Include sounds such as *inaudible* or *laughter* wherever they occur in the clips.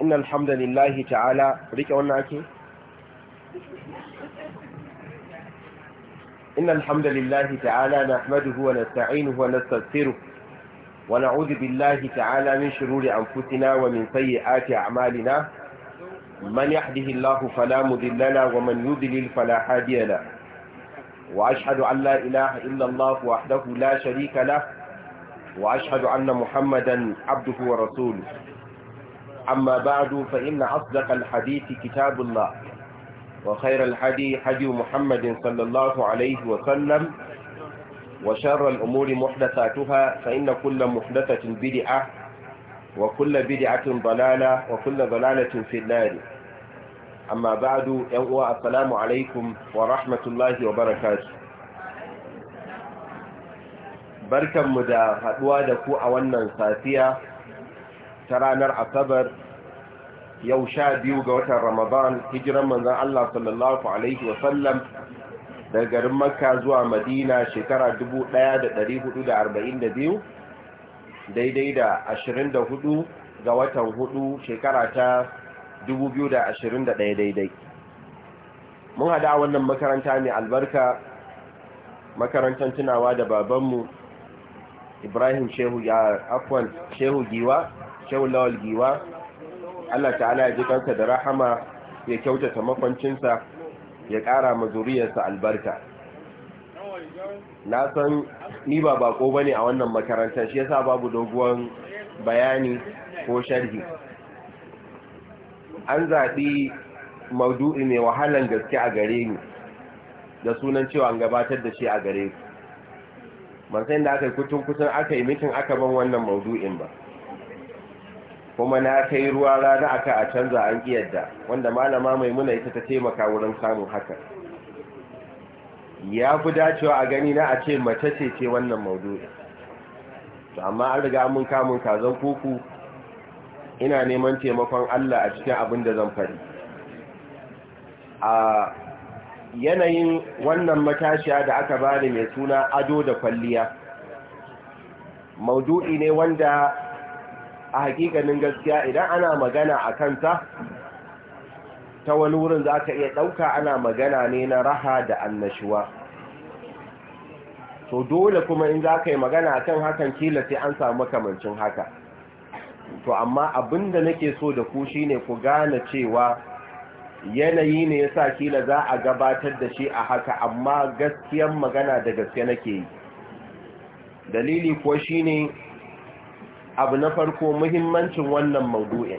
inna alhamdulillahi ta'ala rike wannan ake inna alhamdulillahi ta'ala nahmaduhu wa nasta'inuhu wa nastaghfiruh wa na'udhu billahi ta'ala min shururi anfusina wa min sayyiati a'malina man yahdihillahu fala mudilla la wa man yudlil fala hadiya la wa ashhadu an la ilaha illa allah wahdahu la sharika la wa ashhadu anna muhammadan 'abduhu wa rasuluhu أما بعد فإن أصدق الحديث كتاب الله وخير الحديث حديث محمد صلى الله عليه وسلم وشر الأمور محدثاتها فإن كل محدثة بدعة وكل بدعة ضلالة وكل ضلالة في النار أما بعد يوء السلام عليكم ورحمة الله وبركاته barkanmu da haɗuwa da ku a wannan safiya ta ranar asabar yau sha biyu ga watan ramadan hijiran manzan Allah sallallahu Alaihi wasallam da garin makka zuwa madina shekara 1442 daidai da 24 ga watan hudu shekara ta 2021 daidai mun hada wannan makaranta mai albarka makarantar tunawa da babanmu ibrahim shehu ya afwan shehu giwa shehu lawal giwa Allah ta'ala ya ji kansa da rahama ya kyautata makwancinsa ya ƙara ma zuriyarsa albarka na san ni ba bako bane a wannan makarantar shi yasa babu doguwan bayani ko sharhi an zaɓi maudu'i mai wahalan gaske a gare ni da sunan cewa an gabatar da shi a gare ku ban da aka yi kutun kutun aka yi mitin aka ban wannan maudu'in ba kuma na kai ruwa rana aka a canza an yadda wanda malama mai muna ita ta taimaka wurin samun haka ya fi dacewa a gani na a ce mace ce ce wannan to amma an riga mun kamun kazan kuku ina neman taimakon Allah a cikin abin da zan fari a yanayin wannan matashiya da aka ni mai suna ado da kwalliya maudu'i ne wanda a hakikanin gaskiya idan ana magana a kanta ta wani wurin za ka iya ɗauka ana magana ne na raha da annashuwa to dole kuma in za ka yi magana a kan hakan kila sai an samu makamancin haka to amma abin da nake so da ku shine ku gane cewa yanayi ne yasa kila za a gabatar da shi a haka amma gaskiyan magana da gaske nake yi dalili kuwa shine abu na farko muhimmancin wannan maudu'in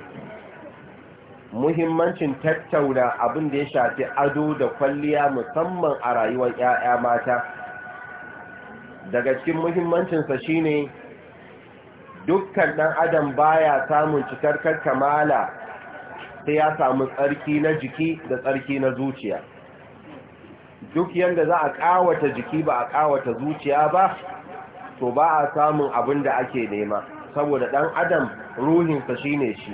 muhimmancin tattauna abin da ya shafi ado da kwalliya musamman a rayuwar 'ya'ya mata daga cikin muhimmancinsa shine dukkan ɗan adam baya samun cikar kamala sai ya samu tsarki na jiki da tsarki na zuciya duk yadda za a ƙawata jiki ba a ƙawata zuciya ba to ba a samun abin da ake nema saboda ɗan adam ruhinsa shi ne shi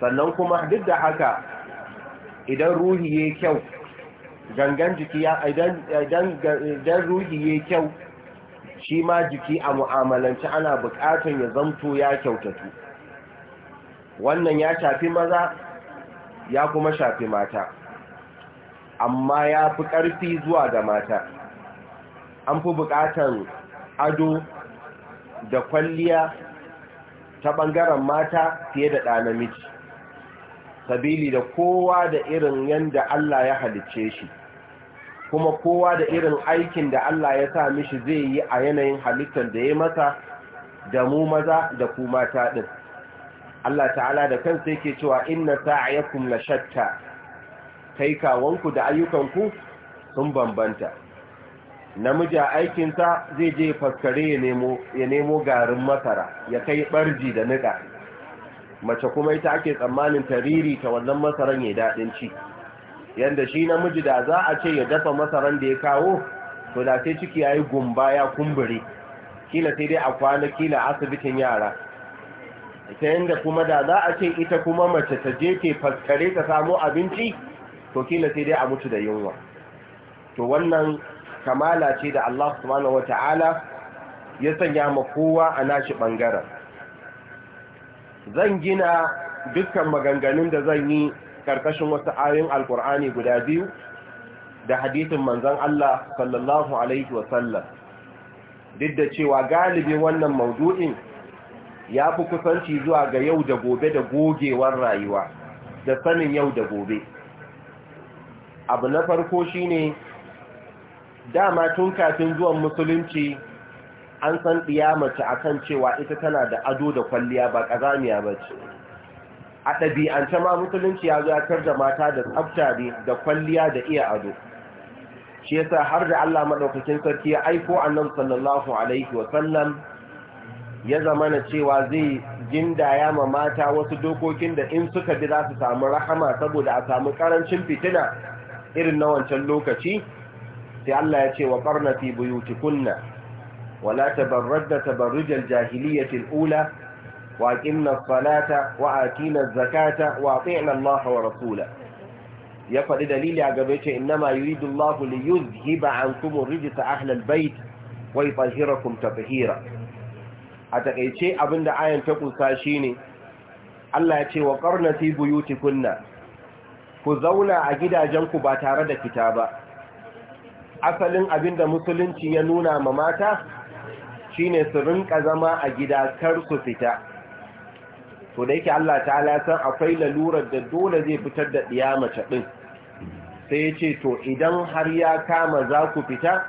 sannan kuma duk da haka idan ruhi ya kyau gangan jiki ya idan ruhi ya kyau shi ma jiki a mu'amalanci ana buƙatar ya zamto ya kyautatu wannan ya shafi maza ya kuma shafi mata amma ya fi ƙarfi zuwa ga mata an fi buƙatar ado da kwalliya ta ɓangaren mata fiye da ɗa namiji sabili da kowa da irin yadda Allah ya halicce shi kuma kowa da irin aikin da Allah ya sa mishi zai yi a yanayin halittar da ya masa da mu maza da ku mata ɗin Allah ta'ala da kansa yake cewa inna ya la shatta kai kawanku da ayyukanku sun bambanta namiji a aikinsa zai je faskare ya nemo garin masara ya kai ɓarji da nika mace kuma ita ake tsammanin tariri ta wannan masaran ya daɗin ci yadda shi namiji da za a ce ya dafa masaran da ya kawo to da sai ciki ya yi gumba ya kumbure kila sai dai a kwana kila asibitin yara ta yadda kuma da za a ce ita kuma mace ta je ke faskare ta samo abinci to kila sai dai a mutu da yunwa to wannan kamala ce da Allah subhanahu wata'ala ya sanya ma kowa a nashi bangaren zan gina dukkan maganganun da zan yi karkashin wasu ayoyin alkur'ani guda biyu da hadisin manzon Allah sallallahu alaihi wasallam duk da cewa galibi wannan maudu'in ya fi kusanci zuwa ga yau da gobe da gogewar rayuwa da sanin yau da gobe abu na farko shine dama tun kafin zuwan musulunci an san mace a kan cewa ita tana da ado da kwalliya ba ƙazamiya ba ce a ɗabi'ance ma musulunci ya kar da mata da tsabta ne da kwalliya da iya ado shi yasa har da Allah maɗaukakin sarki ya aiko annan sallallahu alaihi wasallam ya zama na cewa zai gindaya ma mata wasu dokokin da in suka bi za su samu rahama saboda a samu ƙarancin fitina irin na wancan lokaci sai Allah ya ce wa qarna fi buyutikunna wa la tabarradna tabarrujal jahiliyyati ula wa aqimna as-salata wa atina zakata wa ati'na Allah wa rasula ya faɗi dalili a gaba ce ma yuridu Allah li yuzhiba ankum ar-rijsa ahla al-bayt wa yutahhirakum tatheera a takeice abinda ayan ta kusa shine Allah ya ce wa qarna fi buyutikunna ku zauna a gidajenku ba tare da kitaba. ba asalin abin da musulunci ya nuna ma mata shine su rinka zama a gida kar su fita to da yake Allah ta'ala san akwai lalurar da dole zai fitar da ɗiya mace ɗin sai ya ce to idan har ya kama za ku fita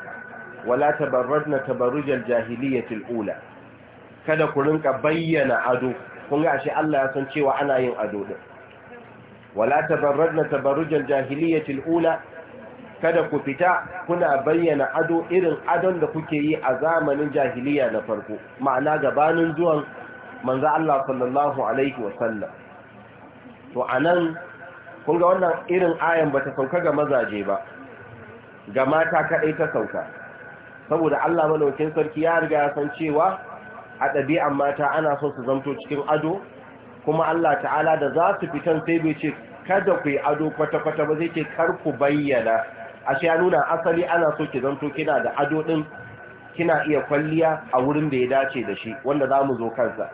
wala tabarrajna tabarujar jahiliyatil ula kada ku rinka bayyana ado kun ga shi Allah ya san cewa ana yin ado din wala tabarrajna tabarujar jahiliyatil ula kada ku fita kuna bayyana ado irin adon da kuke yi a zamanin jahiliya na farko ma'ana gabanin zuwan manzo Allah sallallahu alaihi wasallam to anan kun ga wannan irin ayan bata sauka ga mazaje ba ga mata kadai ta sauka saboda Allah malaukin sarki ya riga ya san cewa a ɗabi'an mata ana so su zamto cikin ado kuma Allah ta'ala da za su fitan sai bai ce kada ku yi ado kwata-kwata ba zai ce kar ku bayyana ashe ya nuna asali ana so ki zanto kina da ado din kina iya kwalliya a wurin da ya dace da shi wanda za mu zo kansa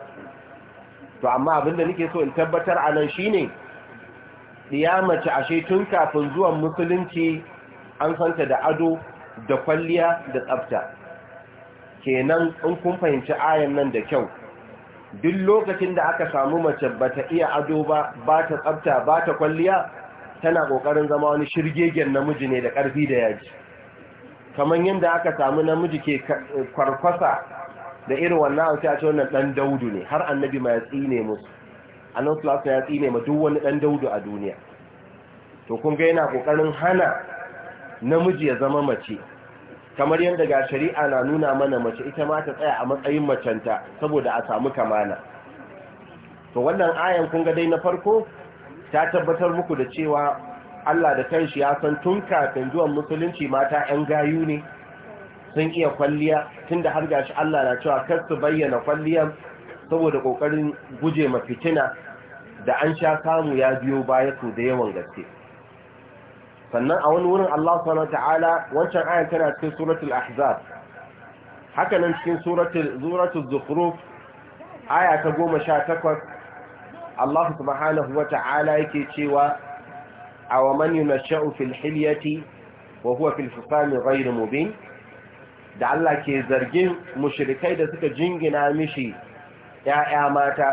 to amma da nake so in tabbatar a nan shine mace ashe tun kafin zuwan musulunci an santa da ado da kwalliya da tsafta kenan in kun fahimci ayan nan da kyau duk lokacin da aka samu mace bata iya ado ba bata ta tsafta ba kwalliya tana kokarin zama wani shirgegen namiji ne da karfi da yaji kamar yadda aka samu namiji ke kwarkwasa da irin wannan a cewa wannan dan daudu ne har annabi ma ya tsine musu annabi sallallahu ya tsine ma duk wani dan daudu a duniya to kun ga yana kokarin hana namiji ya zama mace kamar yadda ga shari'a na nuna mana mace ita ma ta tsaya a matsayin macenta saboda a samu kamana to wannan ayan kun ga dai na farko ta tabbatar muku da cewa Allah da kanshi ya san tun kafin zuwan musulunci mata 'yan gayu ne sun iya kwalliya tun da har gashi Allah na cewa kar su bayyana kwalliyar saboda kokarin guje ma fitina da an sha samu ya biyo baya su da yawan gaske sannan a wani wurin Allah subhanahu ta'ala wancan ayan tana cikin suratul ahzab haka nan cikin suratul zukhruf aya ta goma sha 18 Allah subhanahu wa ta'ala yake cewa a wa man yunasha'u fil hilyati wa huwa fil ghayr mubin da Allah ke zargin mushrikai da suka jingina mishi ya'ya mata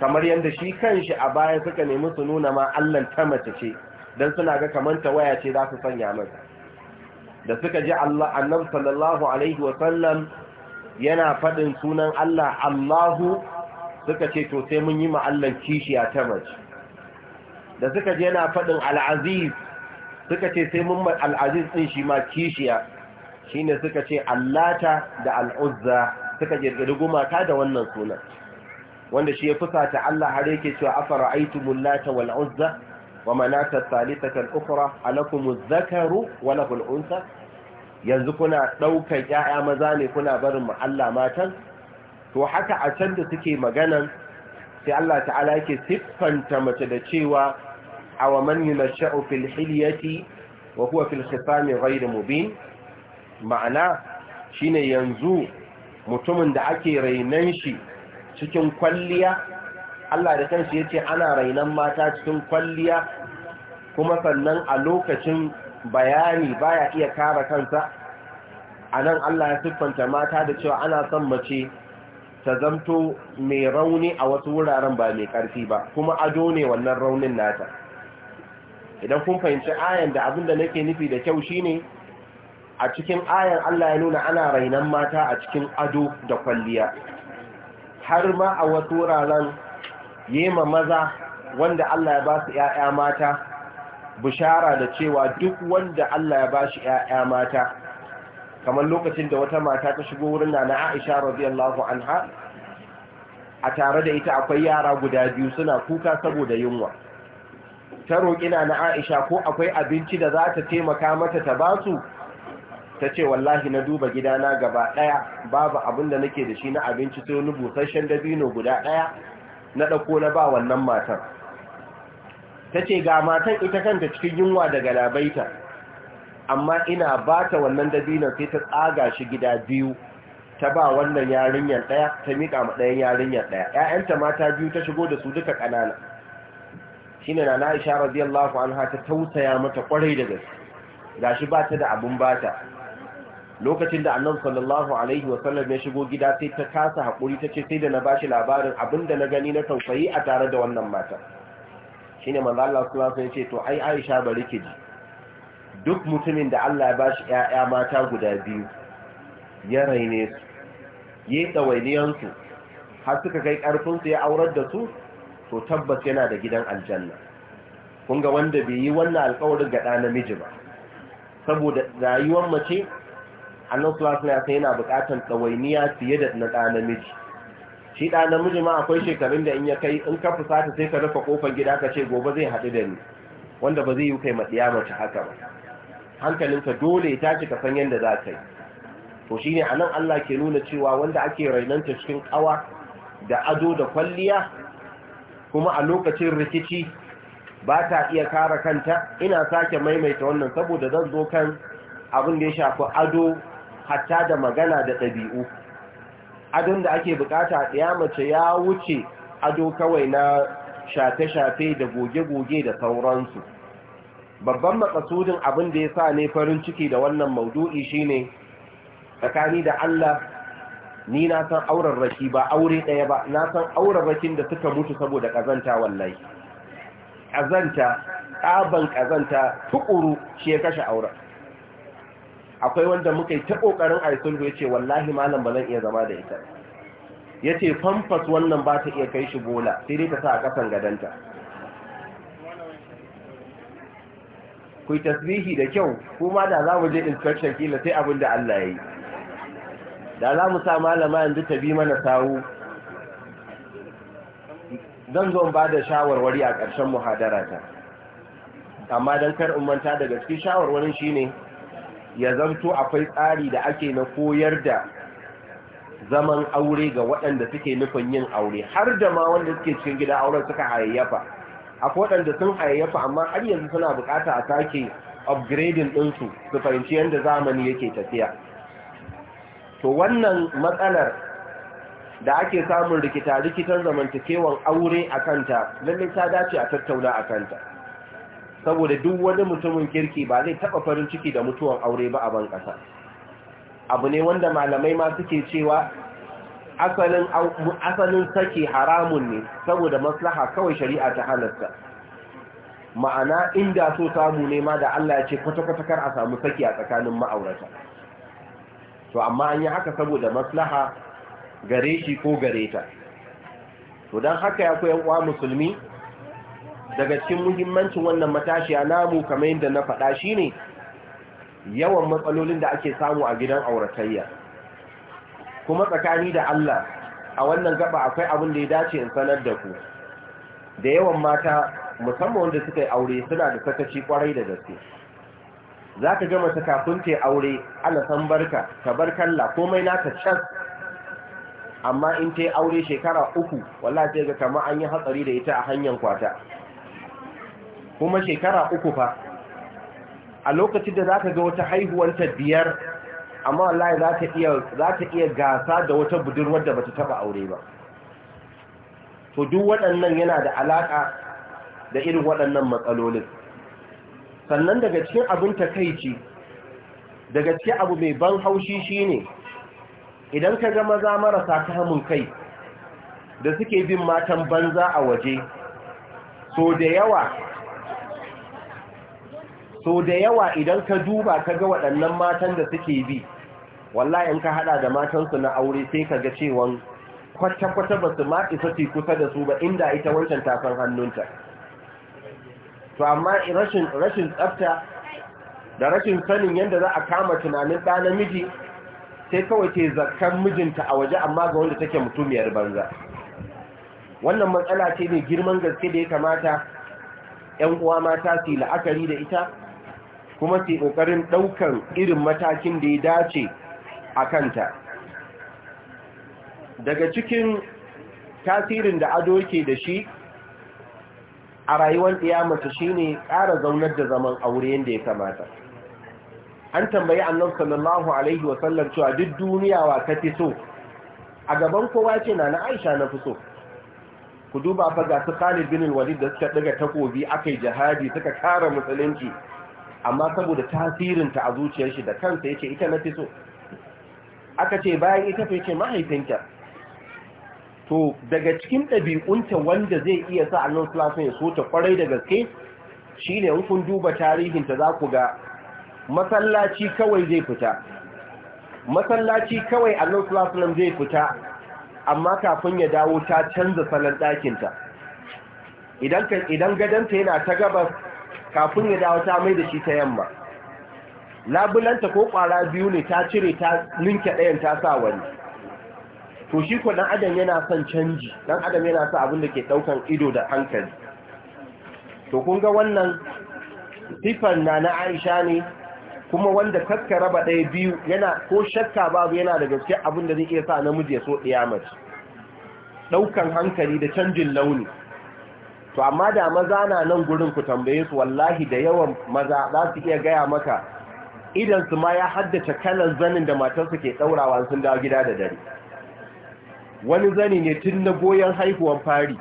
kamar yadda shi kanshi a baya suka nemi su nuna ma Allah ta mace ce dan suna ga kamar ta waya ce za su sanya masa da suka ji Allah annabi sallallahu alaihi wa sallam yana faɗin sunan Allah Allahu suka ce to sai mun yi ma'allan kishiya ta mace da suka je yana faɗin al'aziz suka ce sai mun al'aziz ɗin shi ma kishiya shi ne suka ce allata da al'uzza suka girgiri gumata da wannan sunan wanda shi ya fusa ta Allah har yake cewa afara aitu mullata wal'uzza wa manata salisatar ukura alakumu zakaru wala hul'unsa yanzu kuna ɗaukar ‘ya'ya maza ne kuna barin Allah matan to haka a can da suke maganan sai Allah ta'ala yake siffanta mace da cewa aw man yunasha'u fil hilyati wa huwa fil khisami ghayr mubin ma'ana shine yanzu mutumin da ake rainan shi cikin kwalliya Allah da kansa yace ana rainan mata cikin kwalliya kuma sannan a lokacin bayani baya iya kare kansa anan Allah ya siffanta mata da cewa ana son mace ta zamto mai rauni a wasu wuraren ba mai ƙarfi ba kuma ado ne wannan raunin nata idan kun fahimci ayan da abinda nake nufi da kyau shine a cikin ayan Allah ya nuna ana rainan mata a cikin ado da kwalliya har ma a wasu wuraren yema maza wanda Allah ya ba su ‘ya'ya mata bishara da cewa duk wanda Allah ya ba shi ‘ya'ya mata kamar lokacin da wata mata ta shigo wurin na Aisha radiyallahu anha a tare da ita akwai yara guda biyu suna kuka saboda yunwa ta roƙi na Aisha ko akwai abinci da za ta taimaka mata ta ba su? ta ce wallahi na duba gidana gaba ɗaya babu abin da nake da shi na abinci to wani busasshen dabino guda ɗaya na ɗauko na ba wannan matar ta ce ga matan ita kanta cikin yunwa daga labaita amma ina bata wannan dabinon sai ta tsaga shi gida biyu ta ba wannan yarinyar ɗaya ta miƙa ma ɗayan yarinyar ɗaya ‘ya'yanta mata biyu ta shigo da su duka ƙanana shi ne na na'isha radiyallahu anha ta tausaya mata ƙwarai da gaske ga shi ba ta da abin bata. lokacin da annan sallallahu alaihi wasallam ya shigo gida sai ta kasa haƙuri ta ce sai da na ba shi labarin abinda na gani na tausayi a tare da wannan mata shi ne manzo Allah sallallahu alaihi ce to ai Aisha bari ji duk mutumin da Allah ba shi yaya mata guda biyu ya raine su ya yi tsawainiyansu, har suka kai ƙarfinsu ya aurar da su to tabbas yana da gidan aljanna kun ga wanda bai yi wannan alƙawarin ga ɗa namiji ba saboda rayuwar mace annan sulasuna ya yana buƙatar tsawainiya fiye da na ɗa namiji shi ɗa namiji ma akwai shekarun da in ya kai in ka fusata sai ka rufe ƙofar gida ka ce gobe zai haɗu da ni wanda ba zai yi kai matsiya mace haka ba hankalinka dole ya tashi ka san yadda za ka yi to shi shine anan Allah ke nuna cewa wanda ake rainanta cikin kawa da ado da kwalliya kuma a lokacin rikici ba ta iya kara kanta ina sake maimaita wannan saboda zan zo kan abin da ya shafi ado hatta da magana da ɗabi'u adon da ake bukata ya mace ya wuce ado kawai na shafe-shafe da goge-goge da sauransu babban makasudin abin da ya sa ne farin ciki da wannan maudu'i shine tsakani da Allah ni na san auren raki ba aure ɗaya ba na san auren rakin da suka mutu saboda ƙazanta wallahi ƙazanta ƙaban ƙazanta tukuru shi ya kashe auren akwai wanda muka yi ta ƙoƙarin da ya ce wallahi malam ba zan iya zama da ita ya ce famfas wannan ba ta iya kai shi bola sai dai ta sa a ƙasan gadanta ku yi tasbihi da kyau kuma da za mu je inspection kila sai abin da Allah ya yi da za mu sa malama yanzu ta bi mana sawu zan zo ba da shawarwari a ƙarshen muhadara ta amma don kar manta daga cikin shawarwarin shine ya zamto akwai tsari da ake na koyar da zaman aure ga waɗanda suke nufin yin aure har da ma wanda suke cikin gida auren suka hayayyafa akwai waɗanda sun hayayyafa amma har yanzu suna bukata a sake upgrading ɗinsu su fahimci yadda zamani yake tafiya to wannan matsalar da ake samun rikita rikitan zamantakewan aure a kanta lallai ta dace a tattauna a kanta saboda duk wani mutumin kirki ba zai taɓa farin ciki da mutuwan aure ba a ban ƙasa abu ne wanda malamai ma suke cewa asalin asalin saki haramun ne saboda maslaha kawai shari'a ta halarta ma'ana inda so samu ne ma da Allah ya ce kwata-kwata kar a samu saki a tsakanin ma'aurata to amma an yi haka saboda maslaha gare shi ko gare ta to don haka ya koyan uwa musulmi daga cikin muhimmancin wannan matashiya namu kamar yadda na faɗa shine yawan matsalolin da ake samu a gidan auratayya kuma tsakani da Allah a wannan gaba akwai abin da ya dace in sanar da ku da yawan mata musamman wanda suka yi aure suna da sakaci kwarai da gaske za ka gama ta kafin ta aure ana san barka ta bar kalla!" komai na ta can amma in ta yi aure shekara uku walla sai ga kama an yi hatsari da ita a hanyar kwata kuma shekara uku fa a lokacin da za ka ga wata ta biyar amma wallahi za ta iya za ta iya gasa da wata budurwar da bata taba aure ba to duk waɗannan yana da alaka da irin waɗannan matsalolin sannan daga cikin abin takeici daga cikin abu mai ban haushi shine idan ka ga maza marasa kamun kai da suke bin matan banza a waje so da yawa so da yawa idan ka duba ka ga waɗannan matan da suke bi Walla in ka hada da matansu na aure sai ka ga cewa kwata-kwata ba su ma isa ci kusa da su ba inda ita wancan tafan hannunta to amma rashin tsafta da rashin sanin yadda za a kama tunanin ɗa namiji sai kawai ke zakkan mijinta a waje amma ga wanda take mutumiyar banza wannan matsala ce ne girman gaske da ya kamata 'yan uwa mata su la'akari da ita kuma su kokarin ɗaukan irin matakin da ya dace a kanta daga cikin tasirin da ado ke da shi a rayuwar ɗiyamata shi ne ƙara zaunar da zaman aure yadda ya kamata an tambayi annan sallallahu alaihi wasallam cewa duk duniya wa ka fi so a gaban kowa ce na na aisha na fi so ku duba fa ga su khalid bin walid da suka daga takobi aka yi jihadi suka kara musulunci amma saboda tasirinta a zuciyar shi da kansa yake ita na fi so aka ce bayan ita fi ce mahaifinta to daga cikin ɗabi'unta wanda zai iya sa annan sulasun ya so ta kwarai da gaske shi ne in kun duba tarihinta za ku ga masallaci kawai zai fita masallaci kawai annan sulasun zai fita amma kafin ya dawo ta canza salon ɗakinta idan gadonta yana ta gabas kafin ya dawo ta mai da shi ta yamma labulanta ko kwara biyu ne ta cire ta ninke ɗayan ta sa wani to shi ko ɗan adam yana son canji dan adam yana sa abin da ke ɗaukan ido da hankali to kun ga wannan sifan na na aisha ne kuma wanda kaska raba ɗaya biyu yana ko shakka babu yana da gaske abin da zai iya sa namiji ya so ɗaya mace. ɗaukan hankali da canjin launi to amma da maza na nan gurin ku tambaye su wallahi da yawan maza za su iya gaya maka idan su ma ya haddace kalan zanin da matarsa ke ɗaurawa sun dawo gida da dare wani zani ne tun na goyon haihuwan fari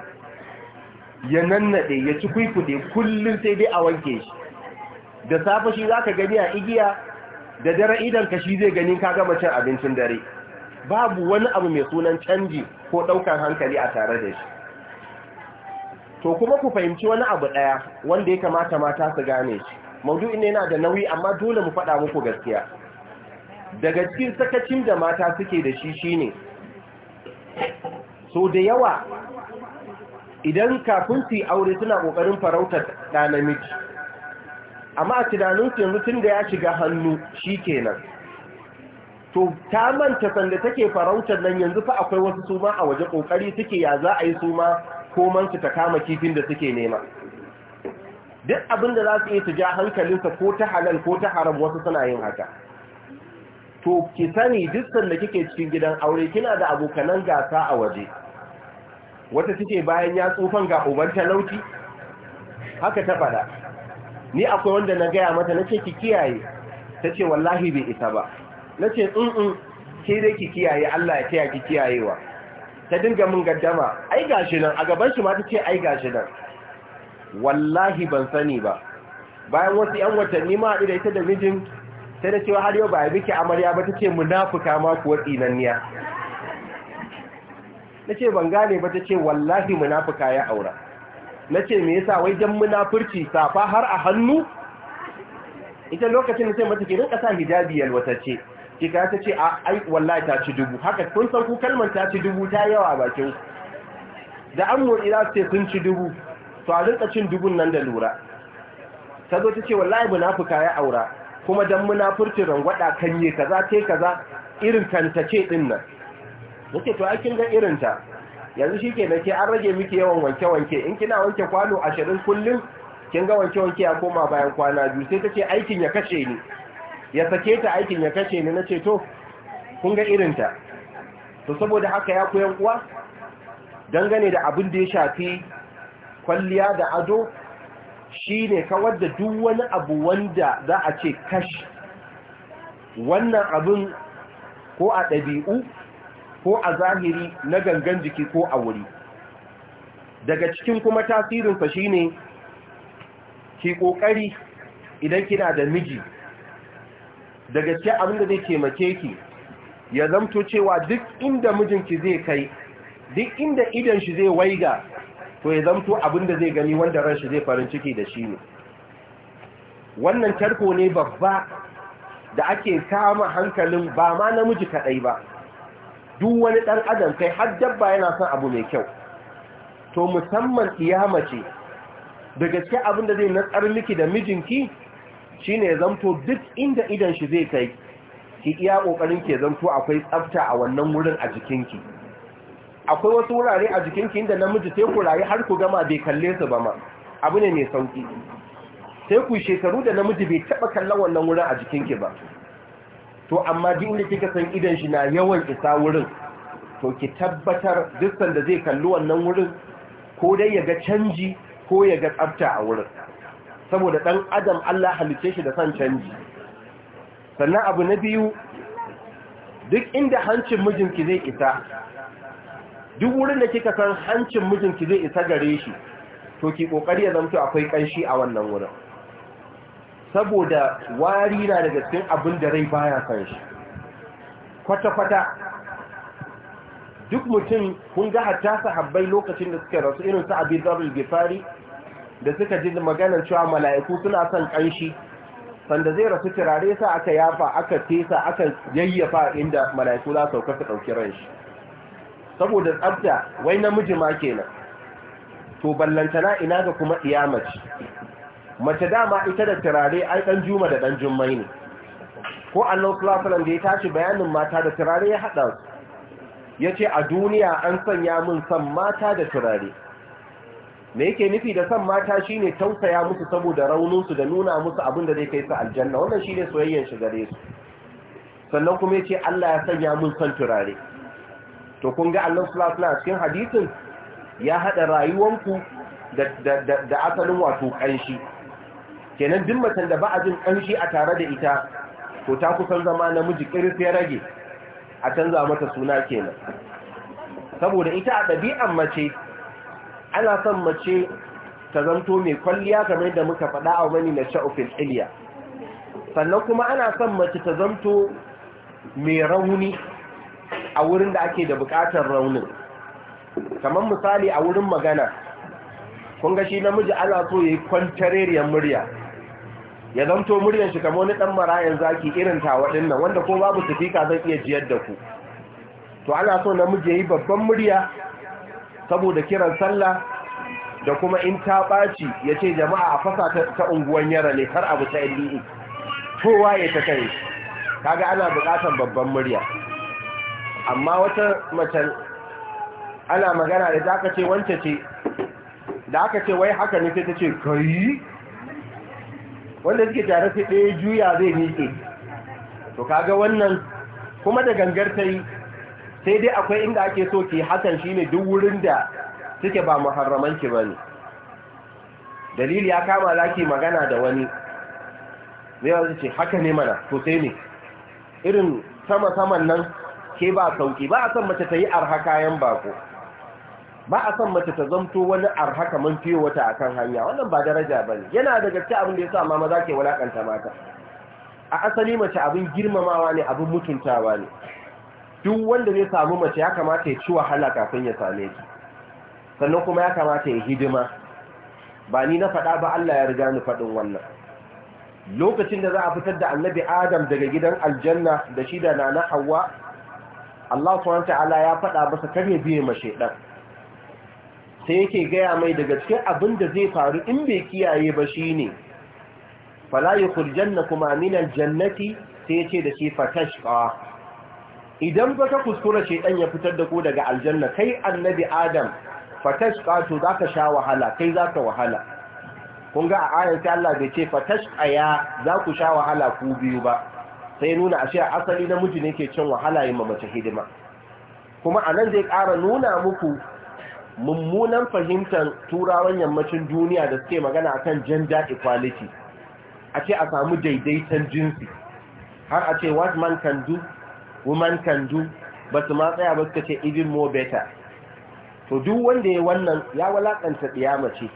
ya nannaɗe ya ci kwaikude kullum sai dai a wanke shi da safe shi za ka gani a igiya da dare idan ka shi zai gani ka gama cin abincin dare babu wani abu mai sunan canji ko ɗaukar hankali a tare da shi to kuma ku fahimci wani abu ɗaya wanda ya kamata mata su gane shi Maudu ne yana da nauyi amma dole mu faɗa muku gaskiya daga cikin sakacin da mata suke da shi shi ne. so da yawa idan kafin su yi aure suna ƙoƙarin farautar ɗa namiji amma a tunaninsu yanzu tun da ya shiga hannu shi kenan to ta manta sanda take farautar nan yanzu fa akwai wasu suma a waje ƙoƙari suke ya za a yi suma ko komansu ta kama kifin da suke nema duk abin da za su iya su ja hankalinsa ko ta halal ko ta haram wasu suna yin haka to ki sani duk sanda kike cikin gidan aure kina da abokanan gasa a waje wata suke bayan ya tsufan ga uban talauci haka ta fada ni akwai wanda na gaya mata na ce ki kiyaye ta ce wallahi bai isa ba na ce in ke dai ki kiyaye Allah ya taya ki kiyayewa ta dinga mun gaddama ai gashi nan a gaban shi ma ta ce ai gashi nan wallahi ban sani ba bayan wasu yan watanni ma da ita da mijin sai da cewa har yau ba a biki amarya ba ta ce munafuka ma kuwa tsinanniya ce ban gane ba ta ce, wallahi munafuka ya aura Na ce me yasa wai jan munafurci safa har a hannu ita lokacin da sai mata ki rinka sa hijabi ki ka ta ce a ai wallahi ta ci dubu haka kun san ku kalmar ta ci dubu ta yawa bakin da an motsi za su ce sun ci dubu to a rinka cin dubun nan da lura ta zo ta ce wallahi munafuka ya aura kuma dan munafurcin rangwada kan yi kaza te kaza irin kantace din nan nake to aikin ga irin ta yanzu shike nake an rage miki yawan wanke wanke in kina wanke kwano ashirin kullum kin ga wanke wanke a koma bayan kwana biyu sai ta ce aikin ya kashe ni ya sake ta aikin ya kashe ni nace to kun ga irin ta to saboda haka ya koyan kuwa, dangane da abin da ya shafi kwalliya da ado shi ne kawar da duk wani abu wanda za a ce kash wannan abin ko a ɗabi'u ko a zahiri na gangan jiki ko a wuri daga cikin kuma tasirinsa shi ne ke ƙoƙari idan kina da miji daga cikin abin da zai taimake ki ya zamto cewa duk inda mijinki zai kai duk inda idan shi zai waiga to ya zamto abin da zai gani wanda ran shi zai farin ciki da shi ne wannan tarko ne babba da ake kama hankalin ba ma namiji kadai ba duk wani ɗan adam kai har dabba yana son abu mai kyau to musamman kiyama ce da gaske abin da zai natsar miki da mijinki shine ya zamto duk inda idan shi zai kai ki iya kokarin ke zanto akwai tsafta a wannan wurin a jikinki akwai wasu wurare a jikinki inda namiji sai ku rayu har ku gama bai kalle su ba ma abu ne mai sauki sai ku shekaru da namiji bai taba kallon wannan wurin a jikinki ba to amma duk inda kika san idan shi na yawan isa wurin to ki tabbatar dukkan da zai kalli wannan wurin ko dai ya ga canji ko yaga tsafta a wurin saboda dan adam Allah halice shi da san canji sannan abu na biyu duk inda hancin mijinki zai isa duk wurin da kika san hancin mijinki zai isa gare shi to ki kokari ya zamto akwai kanshi a wannan wurin saboda wari na daga cikin abin da rai baya san shi kwata-kwata duk mutum kun ga hatta sahabbai lokacin da suka rasu irin su abin zarul gifari da suka ji maganar cewa mala'iku suna son kanshi sanda zai rasu turare sa aka yafa aka tesa aka yayyafa inda mala'iku za su sauka su ɗauki ranshi saboda tsabta wai namiji ma kenan to ballantana ina ga kuma iyamaci. mace mace dama ita da turare ai dan juma da dan jummai ne ko Allah sallallahu da ya tashi bayanin mata da turare ya hada su yace a duniya an sanya mun san mata da turare me yake nufi da san mata shine tausaya musu saboda rauninsu da nuna musu abin da zai kai su aljanna wannan shine soyayyen shi gare su sannan kuma ya ce Allah ya sanya mun san turare to kun ga Allah sallallahu alaihi cikin hadisin ya hada rayuwanku da asalin wato kanshi kenan duk matan da ba a jin kanshi a tare da ita to ta kusan zama namiji kirif rage a canza mata suna kenan saboda ita a dabi'an mace ana son mace ta zanto mai kwalliya kamar da muka faɗa a mani na sha'ufin iliya sannan kuma ana son mace ta zanto mai rauni a wurin da ake da bukatar raunin kamar misali a wurin magana kun ga shi namiji ana so ya yi kwantareriyar murya ya zamto muryar shi kamar wani dan marayan zaki irin tawaɗin nan wanda ko babu tafika zai iya jiyar da ku to ana so namiji ya yi babban murya saboda kiran sallah da kuma in ta ɓaci ya ce jama'a a fasa ta unguwan yara ne har abu ta LDE kowa ya ta kai kaga ana buƙatar babban murya amma wata macen ana magana da aka ce wance ce da aka ce wai haka ne sai ta ce kai wanda suke tare sai ɗaya juya zai miƙe to kaga wannan kuma da gangar ta yi sai dai akwai inda ake so ke hakan ne duk wurin da suke ba muharramanki ba ne dalili ya kama za ki magana da wani zai wasu ce haka ne mana to sai ne irin sama-saman nan ke ba sauki ba a san mace ta yi arha kayan bako ba a san mace ta zamto wani arha kamar fiye wata a kan hanya wannan ba daraja ba ne yana da gaske abin da ya sa ma maza ke walakanta mata a asali mace abin girmamawa ne abin mutuntawa ne duk wanda zai samu mace ya kamata ya ci wahala kafin ya same ki sannan kuma ya kamata ya hidima ba ni na faɗa ba Allah ya riga ni faɗin wannan lokacin da za a fitar da annabi adam daga gidan aljanna da shi da nana hawa Allah subhanahu ta'ala ya faɗa masa kar ya biye ma shaidan sai yake gaya mai daga cikin abin da zai faru in bai kiyaye ba shi shine fala kuma min Jannati, sai yace da shi fatashqa idan ba ka kuskura shaidan ya fitar da ku daga aljanna kai annabi adam fatashqa to za ka sha wahala kai za ka wahala kun ga a ayar Allah bai ce fatashqa ya za ku sha wahala ku biyu ba sai nuna ashe a asali namiji ne ke cin wahala yin mace hidima kuma a nan zai ƙara nuna muku mummunan fahimtar turawan yammacin duniya da suke magana a kan gender equality a ce a samu daidaitan jinsi har a ce what man can do woman can do ba su ma tsaya ba suka ce even more better to duk wanda ya wannan ya walakanta mace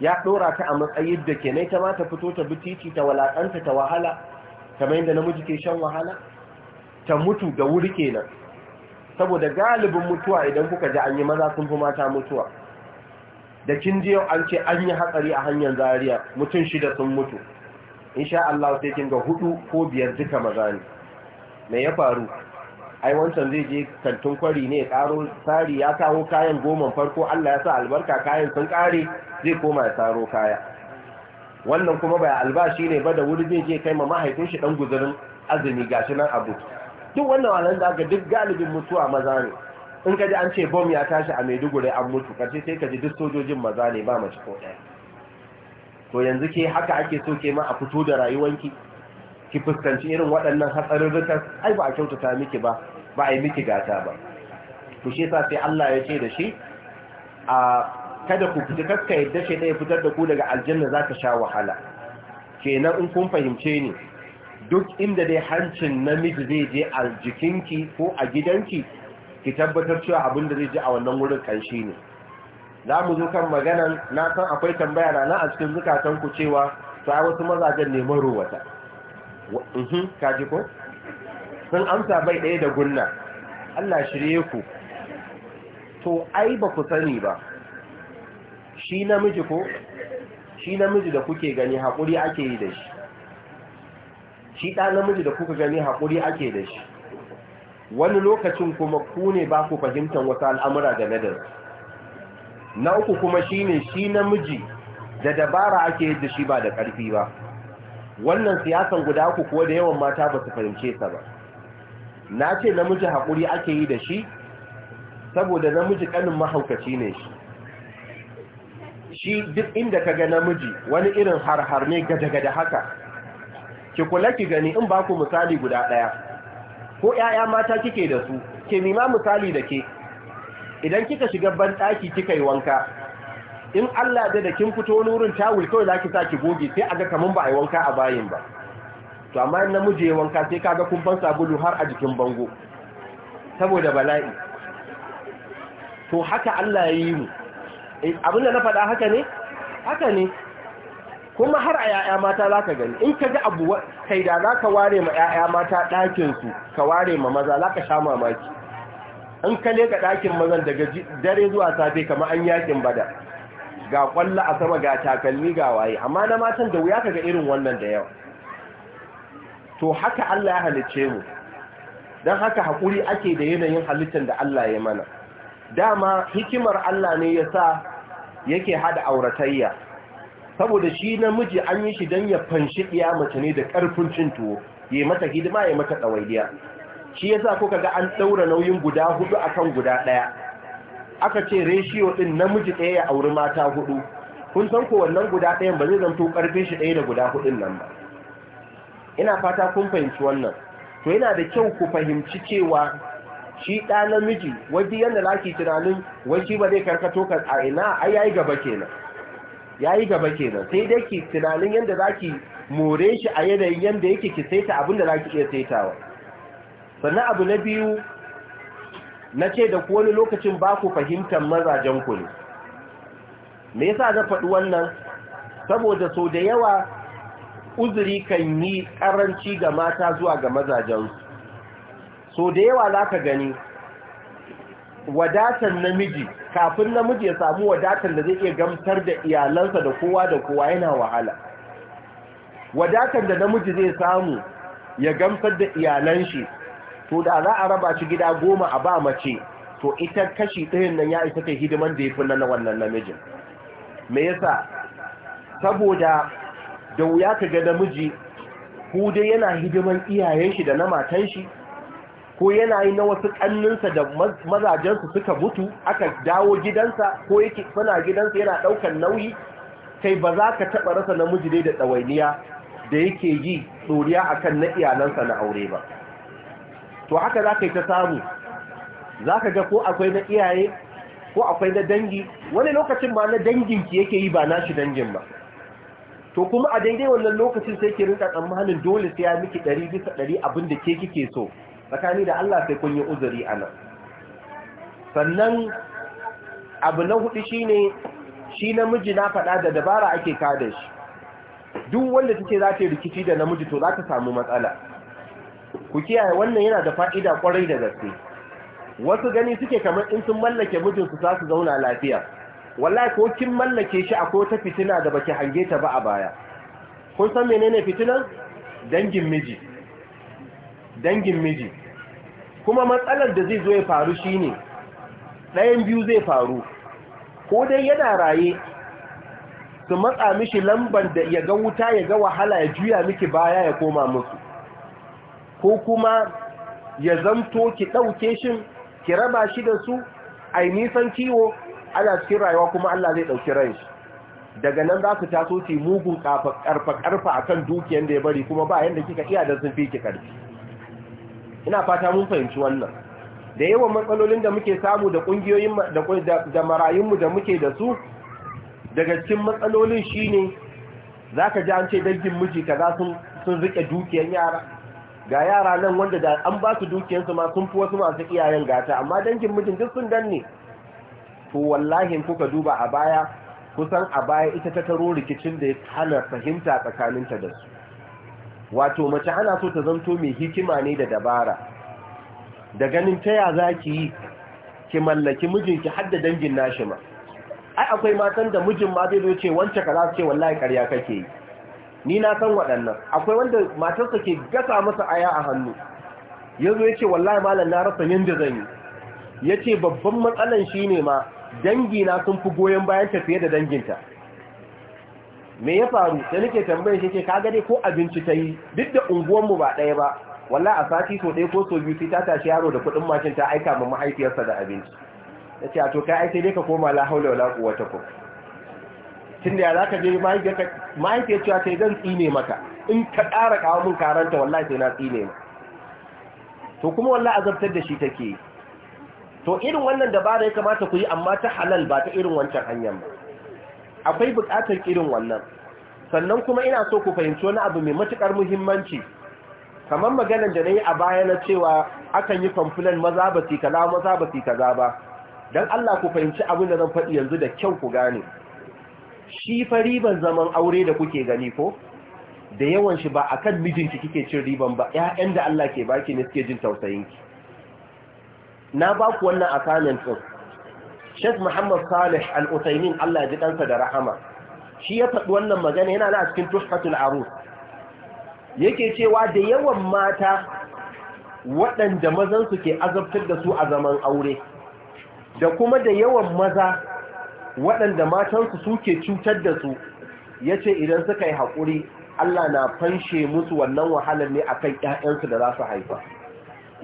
ya ɗora ta a matsayin da ke nai ta ma ta fito ta bi ta walakanta ta wahala kamar yadda namiji ke shan wahala ta mutu da wuri kenan saboda galibin mutuwa idan kuka ji an yi maza sun fi mata mutuwa da kin je an ce an yi hatsari a hanyar Zariya mutum shida sun mutu insha Allah sai kin ga hudu ko biyar duka maza ne me ya faru ai wancan zai je kantin kwari ne karo tsari ya kawo kayan goma farko Allah ya sa albarka kayan sun kare zai koma ya saro kaya wannan kuma bai albashi ne ba da wuri zai je kai ma mahaifin shi dan guzurin azumi gashi nan abu duk wannan wannan da aka duk galibin mutuwa maza ne in ka ji an ce bom ya tashi a Maiduguri an mutu kace sai ka ji duk sojojin maza ne ba mace ko ɗaya to yanzu ke haka ake so ke ma a fito da rayuwanki ki fuskanci irin waɗannan hatsarurrukan ai ba a kyautata miki ba ba a yi miki gata ba to shi yasa sai Allah ya ce da shi a kada ku fita kaskai yadda shi ɗaya fitar da ku daga aljanna za ka sha wahala kenan in kun fahimce ni duk inda dai hancin namiji zai je a jikinki ko a gidanki ki tabbatar cewa abin da zai je a wannan wurin shi ne za mu zo kan maganan na san akwai tambaya na na a cikin zukatan ku cewa sai wasu mazajen neman ruwata mhm kaji ko sun amsa bai ɗaya da gunna Allah shirye ku to ai ba ku sani ba shi namiji ko shi namiji da kuke gani haƙuri ake yi da shi shi ɗan namiji da kuka gani haƙuri ake da shi wani lokacin kuma ku ne ba ku fahimtar wasu al'amura da nadar na uku kuma shi ne shi namiji da dabara ake yi da shi ba da ƙarfi ba wannan siyasan guda ku kuwa da yawan mata ba su fahimce sa ba na ce namiji haƙuri ake yi da shi saboda namiji ƙanin mahaukaci ne shi shi duk inda ka ga namiji wani irin har-har ne gada-gada haka ki kula ki gani in ba ku misali guda ɗaya ko 'ya'ya mata kike da su ke nima misali da ke idan kika shiga banɗaki kika yi wanka in Allah da da kin fito nurin tawul kawai za ki sa ki goge sai aga ga kamar ba a yi wanka a bayin ba to amma in namiji ya wanka sai kaga kumfan sabulu har a jikin bango saboda bala'i to haka Allah ya yi mu Eh, abin da na faɗa haka ne haka ne kuma har a ‘ya'ya mata za ka gani in ka ga abu kai da za ka ware ma ‘ya'ya mata ɗakinsu ka ware ma maza za ka sha mamaki in ka leka ɗakin mazan daga dare zuwa safe kama an yakin bada ga kwallo a sama ga takalmi ga waye amma na matan da wuya ka ga irin wannan da yawa to haka Allah ya halicce mu don haka hakuri ake da yanayin halittar da Allah ya mana dama hikimar Allah ne ya sa yake hada auratayya saboda shi namiji an yi shi don ya fanshi ɗiya mace ne da ƙarfin cin tuwo ya mata hidima ya mata ɗawaiɗiya, shi ya yasa kuka ga an ɗaura nauyin guda hudu akan guda ɗaya aka ce reshiyo ɗin namiji ɗaya ya auri mata hudu kun san ko wannan guda ɗayan ba zai zanto ƙarfin shi ɗaya da guda hudun nan ba ina fata kun fahimci wannan to yana da kyau ku fahimci cewa shi ɗa namiji wajen yadda za ki tunanin wajen ba zai karkato ka a ina a yayi gaba kenan yayi gaba kenan sai dai ki tunanin yadda za ki more shi a yanayin yadda yake ki saita abin da za ki iya saitawa sannan abu na biyu na ce da ku wani lokacin ba ku fahimtar mazajen ku ne me yasa na faɗi wannan saboda sau da yawa uzuri kan yi ƙaranci ga mata zuwa ga mazajensu so da yawa za ka gani wadatar namiji kafin namiji ya samu wadatar da zai iya gamtar da iyalansa da kowa da kowa yana wahala wadatar da namiji zai samu ya gamtar da iyalanshi, shi to da za a raba shi gida goma a ba mace to ita kashi ɗayan nan ya isa ta hidiman da ya fi na wannan namijin me yasa saboda da wuya ka ga namiji ku dai yana hidiman iyayenshi da na matanshi? shi ko yana yi na wasu ƙanninsa da mazajensu suka mutu aka dawo gidansa ko yake suna gidansa yana ɗaukar nauyi kai ba za ka taɓa rasa namiji dai da ɗawainiya da yake yi ɗoriya a kan na iyalansa na aure ba to haka za ka yi ta samu za ka ga ko akwai na iyaye ko akwai na dangi wani lokacin ba na danginki yake yi ba nashi dangin ba to kuma a daidai wannan lokacin sai ke rinka tsammanin dole sai ya miki ɗari bisa ɗari abin da ke kike so tsakani da Allah sai kun yi uzuri a nan sannan abu na hudu shi ne. shi namiji na faɗa da dabara ake kada shi duk wanda take za ta rikici da namiji to za ta samu matsala ku kiyaye wannan yana da fa'ida kwarai da gaske wasu gani suke kamar in sun mallake mijinsu za su zauna lafiya wallahi ko kin mallake shi akwai wata fitina da baki hange ta ba a baya kun san menene fitinan dangin miji dangin miji kuma matsalar da zai zo ya faru shi ne, ɗayan biyu zai faru ko dai yana raye su matsa mishi lamban da ya ga wuta ya ga wahala ya juya miki baya ya koma musu ko kuma ya zamto ki ɗauke shi ki raba shi da su a nisan kiwo ana cikin rayuwa kuma Allah zai ɗauki ran shi daga nan za su taso su mugun ƙarfa-ƙarfa a kan dukiyan da ya bari kuma ba yadda kika iya da sun fi ki ƙarfi ina fata mun fahimci wannan da yawan matsalolin da muke samu da kungiyoyin da marayunmu da muke da su daga cikin matsalolin shine zaka ji an ce dangin miji kaza sun sun rike dukiyar yara ga yara nan wanda da an ba su dukiyarsu ma sun fi wasu masu iyayen gata amma dangin mijin duk sun danne to wallahi kuka duba a baya kusan a baya ita ta taro rikicin da ya hana fahimta tsakaninta da su wato mace ana so ta zanto mai hikima ne da dabara da ganin taya za ki yi ki mallaki mijinki har da dangin nashi ma ai akwai matan da mijin ma zai zo ce wance ka za ce wallahi karya kake yi ni na san waɗannan akwai wanda matarsa ke gasa masa aya a hannu ya zo ya ce wallahi malam na rasa da zan yi ya ce babban matsalan shi ne ma na sun fi goyon bayan fiye da danginta me ya faru da nake tambayar shi ke kaga dai ko abinci ta yi duk da unguwanmu ba ɗaya ba walla a sati so ɗaya ko so biyu sai ta tashi yaro da kuɗin mashin ta aika ma mahaifiyarsa da abinci ta ce a to kai sai dai ka koma la haula wala quwwata ko tun da za je mahaifiyar cewa ta yi zan tsine maka in ka ƙara kawo mun karanta wallahi sai na tsine ma to kuma wallahi azabtar da shi take to irin wannan dabara ya kamata ku yi amma ta halal ba ta irin wancan hanyar ba akwai bukatar irin wannan sannan kuma ina so ku fahimci wani abu mai matukar muhimmanci kamar maganar da na yi a baya na cewa akan yi kamfulan maza ba su kaza maza ba su kaza ba dan Allah ku fahimci abin da zan faɗi yanzu da kyau ku gane shi fa riban zaman aure da kuke gani ko da yawan shi ba akan mijinki kike cin riban ba ƴaƴan da Allah ke baki ne suke jin tausayin ki. na ba ku wannan assignment din Sheikh Muhammad Salih Al-Uthaymeen Allah ji ɗansa da rahama shi ya faɗi wannan magana yana na cikin Tuhfatul Arus yake cewa da yawan mata waɗanda mazan su ke azabtar da su a zaman aure da kuma da yawan maza waɗanda matansu suke cutar da su ya ce idan suka yi haƙuri Allah na fanshe musu wannan wahalar ne akan 'ya'yansu da za su haifa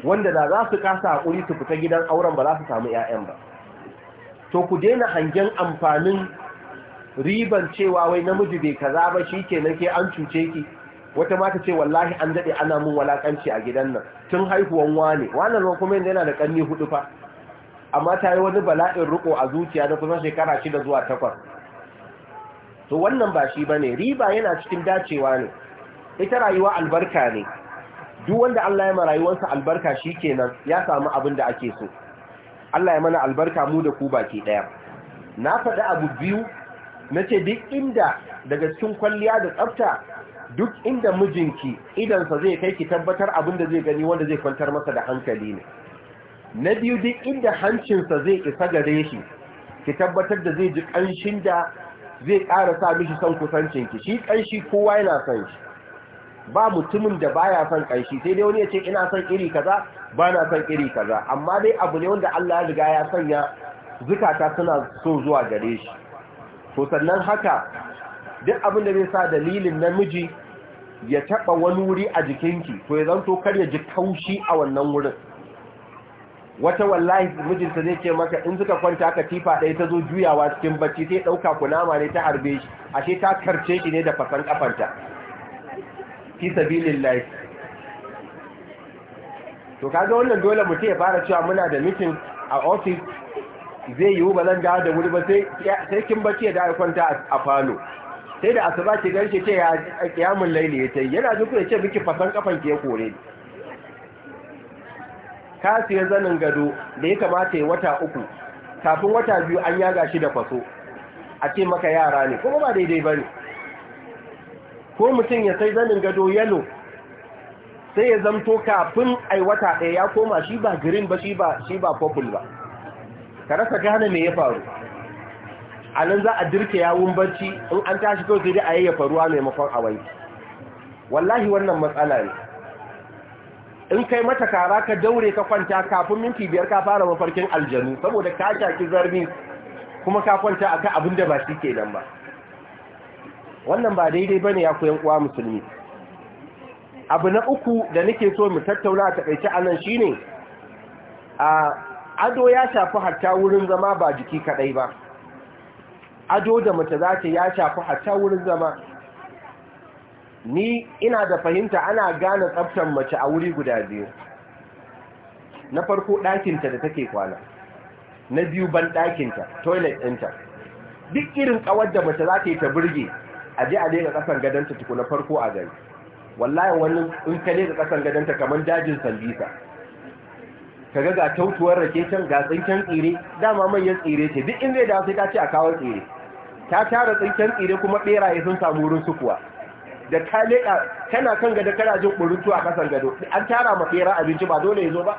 wanda da za su kasa haƙuri su fita gidan auren ba za su samu 'ya'yan ba to ku daina hangen amfanin riban cewa wai namiji bai kaza ba shi ke nake an cuce ki wata mata ce wallahi an daɗe ana mun walakanci a gidan nan tun haihuwan wane wannan ruwan kuma yana da ƙanni hudu fa amma ta yi wani bala'in riko a zuciya na kusan shekara shida zuwa takwas to wannan ba shi ba ne riba yana cikin dacewa ne ita rayuwa albarka ne duk wanda Allah ya ma rayuwarsa albarka shi kenan ya samu abin da ake so Allah ya mana albarka mu da ku baki ɗaya na faɗi abu biyu na ce duk inda daga cikin kwalliya da tsafta duk inda mijinki sa zai kai ki tabbatar abin da zai gani wanda zai kwantar masa da hankali ne na biyu duk inda hancinsa zai isa gare shi ki tabbatar da zai ji ƙanshin da zai ƙara sa mishi son kusancin ki shi kanshi kowa yana son shi ba mutumin da baya son ƙanshi sai dai wani ya ce ina son iri kaza ba na son iri kaza amma dai abu ne wanda Allah ya riga ya sanya zukata suna so zuwa gare shi to sannan haka duk abin da zai sa dalilin namiji ya taba wani wuri a jikinki to ya zanto kar ya ji kaushi a wannan wurin wata wallahi mijinta zai ce maka in suka kwanta ka tifa ɗaya ta zo juyawa cikin bacci sai ɗauka kunama ne ta harbe shi ashe ta karce shi ne da fasan kafanta fi sabilillahi to kaga wannan dole mutum ya fara cewa muna da mitin a ofis zai yiwu ba zan dawo da wuri ba sai kin bacci ya dawo kwanta a falo sai da asuba ki ganshe ce ya kiyamun laili ya tai yana duk ya ce miki fasan kafan ki ya kore ka siya zanin gado da ya kamata ya wata uku kafin wata biyu an yaga shi da faso a ce maka yara ne kuma ba daidai bane ko mutum ya sai zanin gado yalo sai ya zamto kafin aiwata ɗaya ya koma shi ba green ba shi ba shi ba purple ba ka rasa gane me ya faru a nan za a dirke yawun barci in an tashi kawai sai dai a yayyafa ruwa maimakon a wanki wallahi wannan matsala ne in kai mata kara ka daure ka kwanta kafin minti biyar ka fara mafarkin aljanu saboda ka shaki zarbi kuma ka kwanta akan abin da ba shi kenan ba wannan ba daidai bane ya koyan uwa musulmi abu na uku da nake so mu tattauna a takaice anan shine a ado ya shafi hatta wurin zama ba jiki kadai ba ado da mace za ta ya shafi hatta wurin zama ni ina da fahimta ana gane tsaftar mace a wuri guda biyu na farko ɗakinta da take kwana na biyu ban ɗakinta toilet ɗinta duk irin ƙawar da mace za ta yi ta burge a je a daina ƙasan gadonta tuku na farko a gari wallahi wani in ka ne da kasan gadonta kamar dajin sandisa ka ga tautuwar rake can ga tsinken tsire dama manyan tsire ce duk inda da sai ka ce a kawo tsire ta tara tsinken tsire kuma beraye sun samu wurin sukuwa da ka leka kana kan gado kana jin burutu a kasan gado an tara ma bera abinci ba dole ya zo ba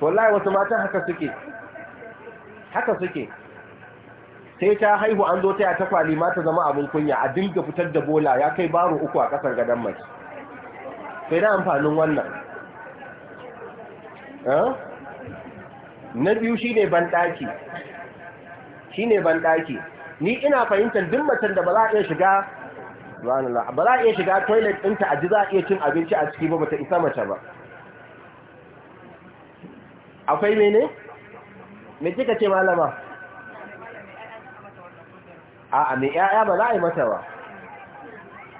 wallahi wasu mata haka suke haka suke sai ta haihu an zo taya ta kwali ma ta zama abin kunya a dinga fitar da bola ya kai baro uku a kasar gadon mai sai da amfanin wannan na biyu shine banɗaki shine daki ni ina fahimtar duk macen da ba za a iya shiga ba za a iya shiga toilet ɗinta a ji za a iya cin abinci a ciki ba bata isa mace ba akwai mene? me kika ce malama? a'a mai ƴaƴa ba za a yi mata ba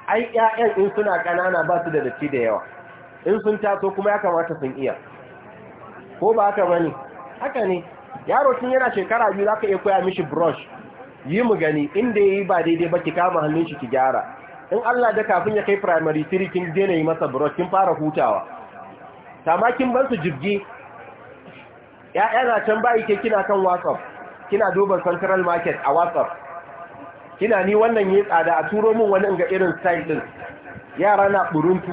ai 'ya'yan in suna ƙanana ba su da datti da yawa in sun taso kuma ya kamata sun iya ko ba haka ne, haka ne yaro tun yana shekara biyu za ka iya koya mishi brush yi mu gani inda yi ba daidai ba ki kama hannun shi ki gyara in Allah da kafin ya kai primary 3 kin daina yi masa brush kin fara hutawa tama kin bar su jirgi, ‘ya’ya na can ke kina kan WhatsApp kina duban central market a WhatsApp kina ni wannan yayi tsada a turo min wani ga irin style din yara na buruntu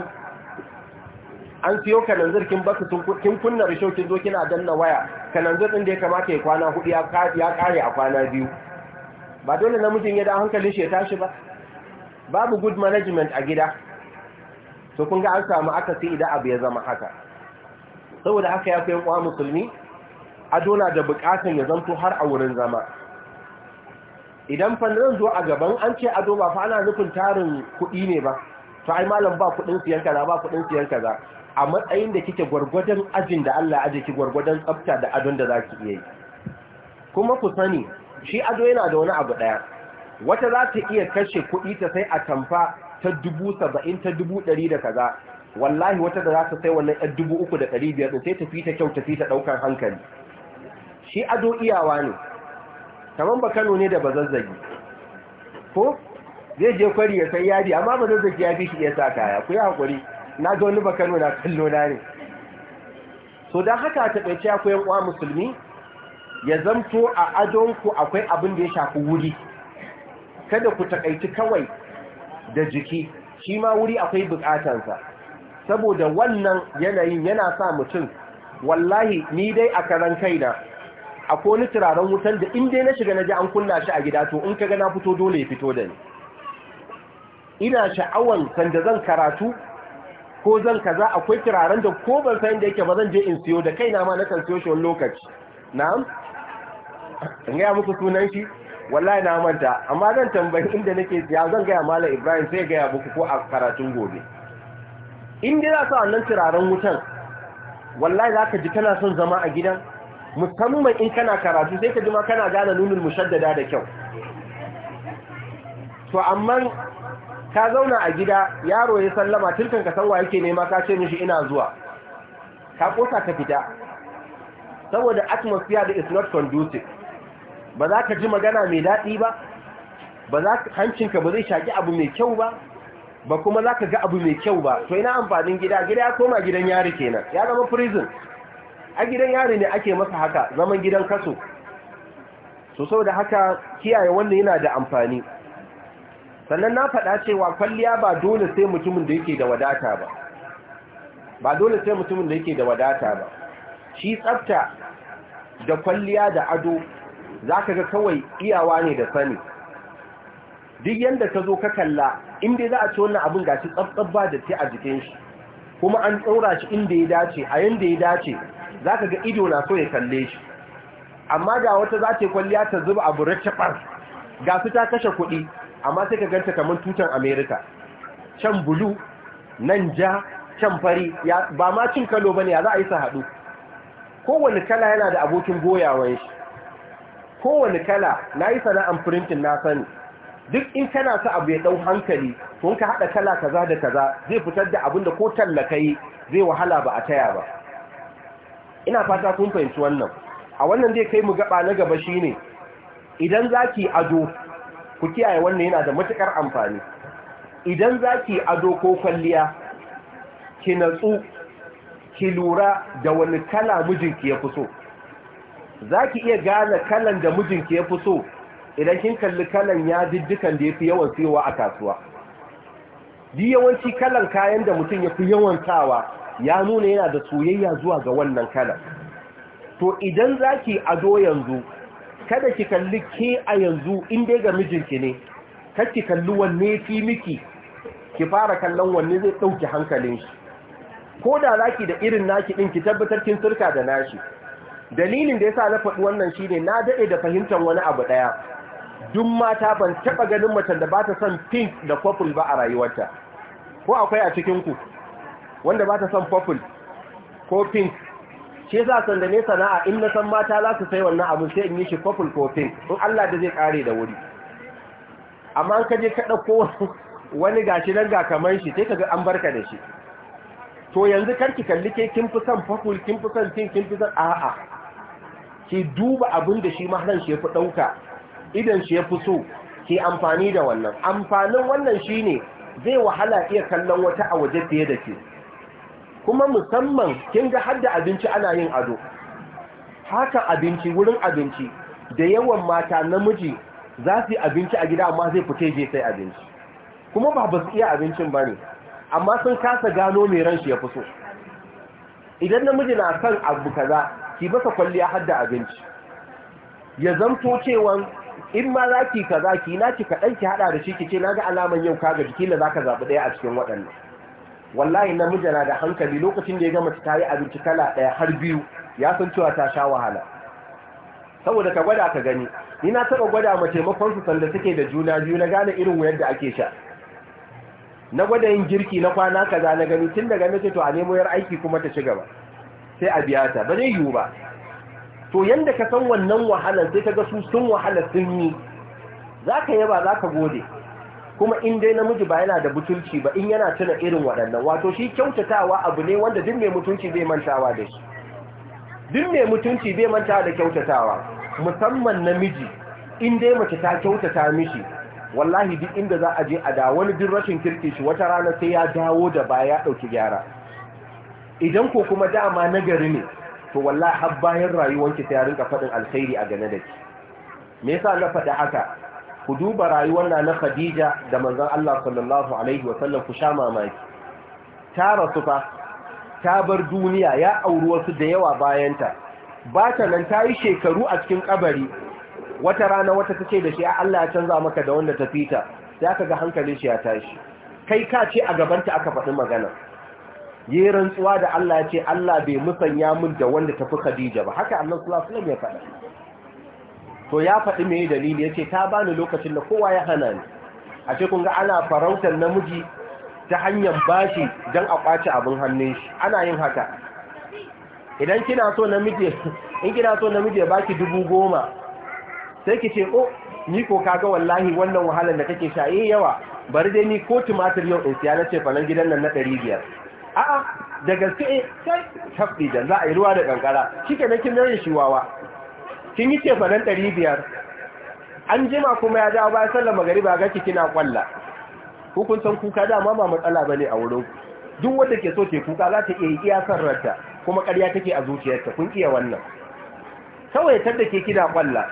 an siyo kananzir kin baka kin kunna risho kin zo kina danna waya kananzir din da ya kamata ya kwana hudu ya kare a kwana biyu ba dole namijin ya da hankalin shi ya tashi ba babu good management a gida to kun ga an samu akasi idan abu ya zama haka saboda haka ya fi yan uwa musulmi a dona da bukatun ya zanto har a wurin zama idan fannin zo a gaban an ce ado ba fa ana nufin tarin kuɗi ne ba to ai malam ba kuɗin siyan kaza ba kuɗin siyan kaza a matsayin da kike gwargwadon ajin da Allah ya ki gwargwadon tsafta da adon da zaki iya yi kuma ku sani shi ado yana da wani abu daya wata za ta iya kashe kuɗi ta sai a tamfa ta dubu saba'in ta dubu ɗari da kaza wallahi wata da za ta sai wannan yan dubu uku da ɗari biyar sai ta fi ta kyau ta fi ta ɗaukar hankali shi ado iyawa ne kaman ba Kano ne da bazazzagi ko zai je kwari ya sai yadi amma bazazzagi ya fi shi ya sa kaya ku yi hakuri na ga wani ba Kano na kallo na ne so dan haka ta taƙaice akwai yan uwa musulmi ya zamto a adon ku akwai abin da ya shafi wuri kada ku takaici kawai da jiki shi ma wuri akwai sa saboda wannan yanayin yana sa mutum wallahi ni dai a karan kaina akwai wani turaren wutan da in dai na shiga na ji an kunna shi a gida to in kaga na fito dole ya fito da ni ina sha'awan sanda zan karatu ko zan kaza akwai turaren da ko ban san da yake ba zan je in siyo da kaina ma na kan siyo shi wani lokaci na'am in gaya muku sunan shi wallahi na manta amma zan tambayi inda nake siya zan gaya malam ibrahim sai gaya muku ko a karatun gobe in dai za su wannan turaren wutan wallahi za ka ji kana son zama a gidan musamman in kana karatu sai ka jima kana gane nunin mushaddada da kyau to amma ka zauna a gida yaro ya sallama tilkan ka sanwa yake nema ka ce mishi ina zuwa ka kosa ka fita saboda atmosphere da is not conducive ba za ka ji magana mai daɗi ba ba za ka hancinka ba zai shaƙi abu mai kyau ba ba kuma za ka ga abu mai kyau ba to ina amfanin gida gida ya koma gidan yari kenan ya zama prison a gidan yari ne ake masa haka zaman gidan kaso so da haka kiyaye wannan yana da amfani sannan na faɗa cewa kwalliya ba dole sai mutumin da yake da wadata ba ba dole sai mutumin da yake da wadata ba shi tsafta da kwalliya da ado zaka ga kawai iyawa ne da sani duk yadda ka zo ka kalla inda za a ci wannan abin gashi tsabtsab ba da a jikin shi kuma an tsora shi inda ya dace a yanda ya dace za ka ga ido na so ya kalle shi amma da wata za ta kwalliya ta zuba abu racabar ga su ta kashe kuɗi amma sai ka ganta kamar tutan amerika can bulu nan ja can fari ba ma cin kalo ba ne ya za a yi su haɗu kowane kala yana da abokin goyawan shi kowane kala na yi sana'an firintin na sani duk in kana sa abu ya ɗau hankali tun ka haɗa kala kaza da kaza zai fitar da abin da ko tallaka yi zai wahala ba a taya ba ina fata kun fahimci wannan a wannan zai kai mu gaba na gaba shine idan zaki ado ku kiyaye wannan yana da matukar amfani idan zaki ado ko kwalliya ki natsu ki lura da wani kala mijinki ya fi zaki iya gane kalan da mijinki ya fi so idan kin kalli kalan ya diddikan da yafi yawan siyowa a kasuwa di yawanci kalan kayan da mutum ya fi yawan sawa ya nuna yana da soyayya zuwa ga wannan kala to idan zaki ado yanzu kada ki kalli ke a yanzu in dai ga mijinki ne kake ki kalli wanne fi miki ki fara kallon wanne zai dauki hankalin shi ko da zaki da irin naki din ki tabbatar kin sirka da nashi dalilin da yasa na faɗi wannan shine na dade da fahimtar wani abu daya duk mata ban taba ganin macen da ba ta son pink da purple ba a rayuwarta ko akwai a cikin ku wanda ba ta son purple ko pink shi yasa sanda ne sana'a in na san mata za su sai wannan abu sai in yi shi purple ko pink in Allah da zai kare da wuri amma an kaje ka dauko *laughs* wani gashi nan ga kaman shi sai kaga an barka da shi to yanzu karki kalli ke kin fi son purple kin fi son pink kin fi son a'a ki duba abin da shi mahran shi ya fi dauka idan shi ya fi so ke amfani da wannan amfanin wannan shine zai wahala iya kallon wata a waje fiye da ke kuma musamman kin ga hadda abinci ana yin ado haka abinci wurin abinci da yawan mata namiji za su abinci a gida amma zai fita je sai abinci kuma ba ba su iya abincin ba ne amma sun kasa gano mai ran ya fi so idan namiji na son abu kaza ki masa kwalliya hadda abinci ya zamto cewa in ma za ki kaza ki na ki kaɗan ki haɗa da shi ki ce na ga alaman yau kaga jiki da za ka zaɓi ɗaya a cikin waɗannan wallahi namiji na da hankali lokacin da ya gama ta yi abinci kala ɗaya har biyu ya san cewa ta sha wahala saboda ka gwada ka gani ni na taɓa gwada ma taimakon sanda suke da juna biyu na gane irin wuyar da ake sha na gwada yin girki na kwana kaza na gani tun daga nace to a nemo yar aiki kuma ta ci gaba sai a biya ta ba zai yiwu ba to yanda ka san wannan wahalar sai ka ga su sun wahalar sun yi za ka yaba za ka gode kuma in dai namiji ba yana da butulci ba in yana tuna irin waɗannan wato shi kyautatawa abu ne wanda duk mai mutunci bai mantawa da shi duk mai mutunci bai mantawa da kyautatawa musamman namiji in dai mace ta kyautata mishi wallahi duk inda za a je a da wani duk rashin kirki shi wata rana sai ya dawo da baya ya ɗauki gyara idan ko kuma dama nagari ne to wallahi har bayan rayuwanki sai ya rinka faɗin alkhairi a gane da ki me yasa na faɗi haka ku duba rayuwar na na Khadija da manzon Allah sallallahu alaihi sallam ku sha mamaki ta rasu fa ta bar duniya ya auri wasu da yawa bayanta ba ta nan ta yi shekaru a cikin kabari wata rana wata ta ce da shi Allah ya canza maka da wanda ta fita sai ka ga hankalin shi ya tashi kai ka ce a gabanta aka faɗi magana yi rantsuwa da Allah ya ce Allah bai musanya mun da wanda tafi Khadija ba haka Allah sallallahu alaihi sallam ya faɗa to ya faɗi mai dalili ya ce ta bani lokacin da kowa ya hana ni a ce kunga ana farautar namiji ta hanyar bashi don a ƙwace abin hannun shi ana yin haka idan kina so namiji in kina so namiji ya baki dubu goma sai ki ce o oh, ni ko kaga wallahi wannan wahalar da kake sha eh yawa bari dai ni ko tumatir yau in siya na ce nan gidan nan na ɗari biyar a'a da gaske eh sai tafi da za a yi ruwa da kankara shike na kin nan shiwawa kin yi cefanen ɗari biyar an jima kuma ya dawo bayan sallama gari ga ki kina kwalla hukuntan kuka dama ba matsala ba ne a wurin duk wanda ke so ke kuka za ta iya iya san ranta kuma karya take a zuciyarta kun iya wannan kawai tadda ke kina kwalla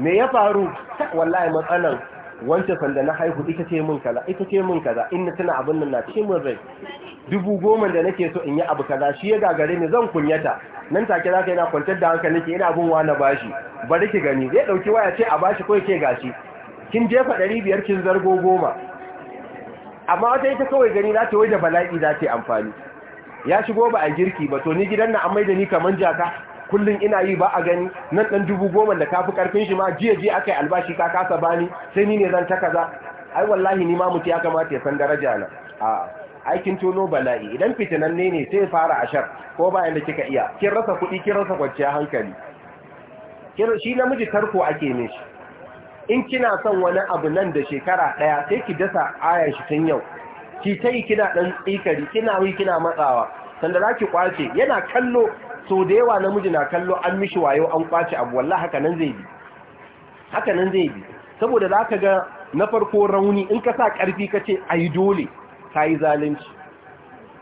me ya faru wallahi matsalan Wancan sanda na haihu ita ce mun kaza ita ce mun kaza in na tana abin nan na ce mun rai dubu goma da nake so in yi abu kaza shi ya gagare ni zan kunyata nan take zaka yana kwantar da hankali ke ina bin wani bashi bari ki gani zai dauki waya ce a bashi ko ke gashi kin jefa 500 kin zargo goma amma wata ita kawai gani za ta wai da bala'i za ta amfani ya shigo ba a girki ba to ni gidan na amai da ni kaman jaka kullum ina yi ba a gani nan ɗan dubu goma da kafi karfin shi ma jiya aka yi albashi ka kasa bani sai ni ne zan ta kaza ai wallahi ni ma mutu ya kamata ya san daraja na a aikin tono bala'i idan fitinan ne sai fara ashar ko bayan da kika iya kin rasa kuɗi kin rasa kwanciyar hankali shi namiji tarko ake shi in kina son wani abu nan da shekara ɗaya sai ki dasa ayan shi tun yau ki ta yi kina ɗan ikari, kina wi kina matsawa sanda za ki kwace yana kallo so da yawa namiji na kallo an mishi wayo an kwace abu wallahi haka nan zai bi haka nan zai bi saboda za ka ga na farko rauni in ka sa ƙarfi ka ce ai dole ka yi zalunci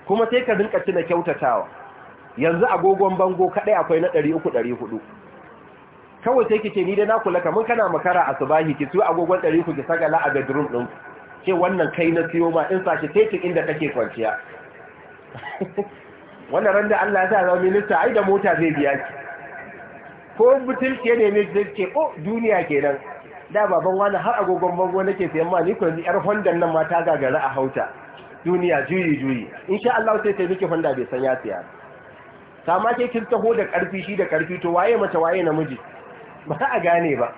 kuma sai ka rinka cina kyautatawa yanzu agogon bango kaɗai akwai na ɗari uku kawai sai ki ce ni dai na kula kamar kana makara a subahi ki siyo agogon ɗari ku ki sagala a bedroom ɗin ce wannan kai na siyo ma in sashi sai ki inda kake kwanciya *laughs* wannan ran da Allah ya sa zama minista ai da mota zai biya ki ko ke ne ne zai ce oh duniya kenan da baban wani har agogon bango nake sayan ma ni ko yanzu yar Honda nan ma ta gagara a hauta duniya juyi juyi insha Allah sai sai miki Honda bai san ya siya ta ma ke kin taho da karfi shi da karfi to waye mace waye namiji ba a gane ba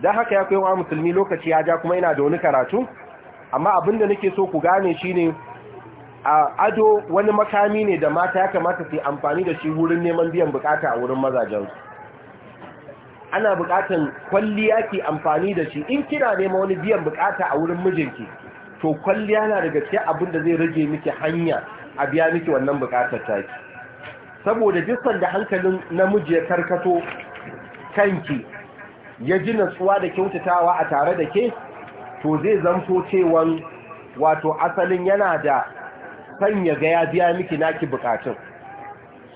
dan haka ya kai wa musulmi lokaci ya ja kuma ina da wani karatu amma abinda nake so ku gane shine ado wani makami ne da mata ya kamata su amfani da shi wurin neman biyan bukata a wurin mazajensu ana bukatan kwalliya ke amfani da shi in kina neman wani biyan bukata a wurin mijinki to kwalliya na daga cikin abin da zai rage miki hanya a biya miki wannan bukatar taki saboda dukkan da hankalin namiji ya karkato kanki ya ji natsuwa da kyautatawa a tare da ke to zai zanto cewan wato asalin yana da san ya ga ya biya miki naki bukatun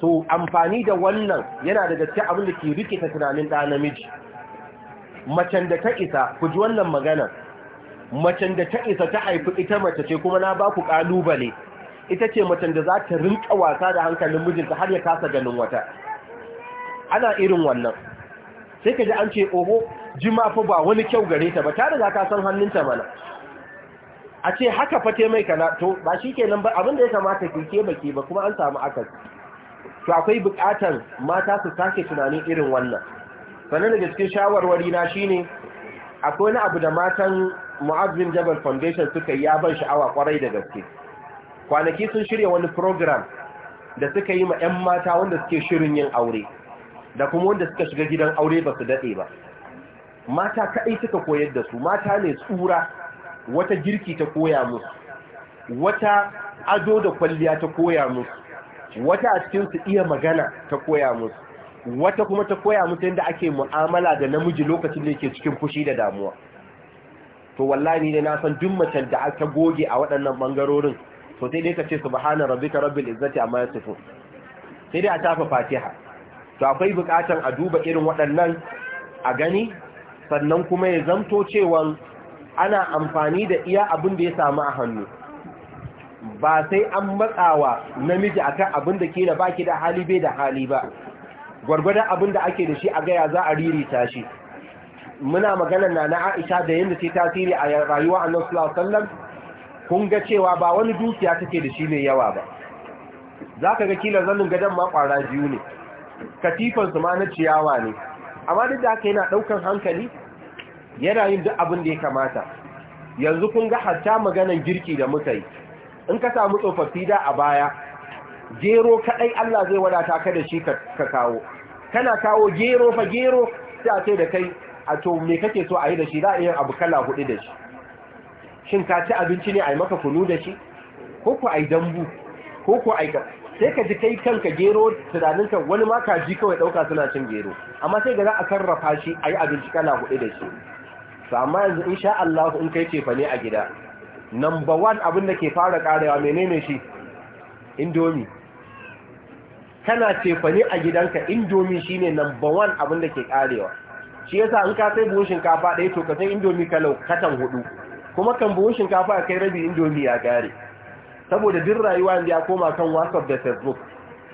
so amfani da wannan yana daga cikin abin da ke rikita tunanin ɗa namiji macen da ta isa ku ji wannan magana macen da ta isa ta haifi ita mace ce kuma na ba ku ƙalubale ita ce macen da za ta rinka wasa da hankalin mijinta har ya kasa ganin wata ana irin wannan sai ka ji an ce oho jima fa ba wani kyau gare ta ba ta riga ka san hannunta mana a ce haka fate mai kana to ba shi kenan ba abinda ya kamata ke ke baki ba kuma an samu akasi to akwai bukatar mata su sake tunanin irin wannan sannan daga cikin shawarwari na shine akwai wani abu da matan mu'azzin jabal foundation suka yi ya ban sha'awa kwarai da gaske kwanaki sun shirya wani program da suka yi ma 'yan mata wanda suke shirin yin aure da kuma wanda suka shiga gidan aure ba su daɗe ba mata kaɗai suka koyar da su mata ne tsura wata girki ta koya musu wata ado da kwalliya ta koya musu wata a cikin su iya magana ta koya musu wata kuma ta koya musu yadda ake mu'amala da namiji lokacin da yake cikin fushi da damuwa to wallahi ni ne na san duk macen da aka goge a waɗannan bangarorin to sai dai ka ce subhana rabbika rabbil izzati amma yasifun sai dai a tafa fatiha to akwai bukatan a duba irin waɗannan a gani sannan kuma ya zamto cewa ana amfani da iya abin da ya samu a hannu ba sai an matsawa namiji akan abin da ke da baki da hali bai da hali ba gwargwadon abin da ake da shi a gaya za a ririta shi muna maganar na Aisha da yadda ce tasiri a rayuwa a sallallahu alaihi kun ga cewa ba wani dukiya take da shi mai yawa ba zaka ga kila zannin gadon ma kwara biyu ne katifan su ma na ciyawa ne amma duk da haka yana daukan hankali yana yin duk abin da ya kamata yanzu kun ga hatta maganan girki da muka yi in ka samu tsofaffi da a baya gero kadai Allah zai wadata ka da shi ka kawo kana kawo gero fa gero sai a ce da kai a to me kake so a yi da shi za a yi abu kala hudu da shi shin ka ci abinci ne a yi maka kunu da shi ko ku a dambu ko ku a yi sai ka ji kai kanka gero tunaninka wani ma ka ji kawai ɗauka suna cin gero amma sai ga za a sarrafa shi a yi abinci kala hudu da shi amma yanzu sha Allah in kai ce ne a gida number 1 abin da ke fara karewa menene shi indomi kana ce ne a gidanka indomi shine number 1 abin da ke karewa shi yasa in ka sai buhun shinkafa ɗaya to ka sai indomi kalau katan hudu kuma kan buhun shinkafa a kai rabi indomi ya gare. saboda duk rayuwa inda ya koma kan whatsapp da facebook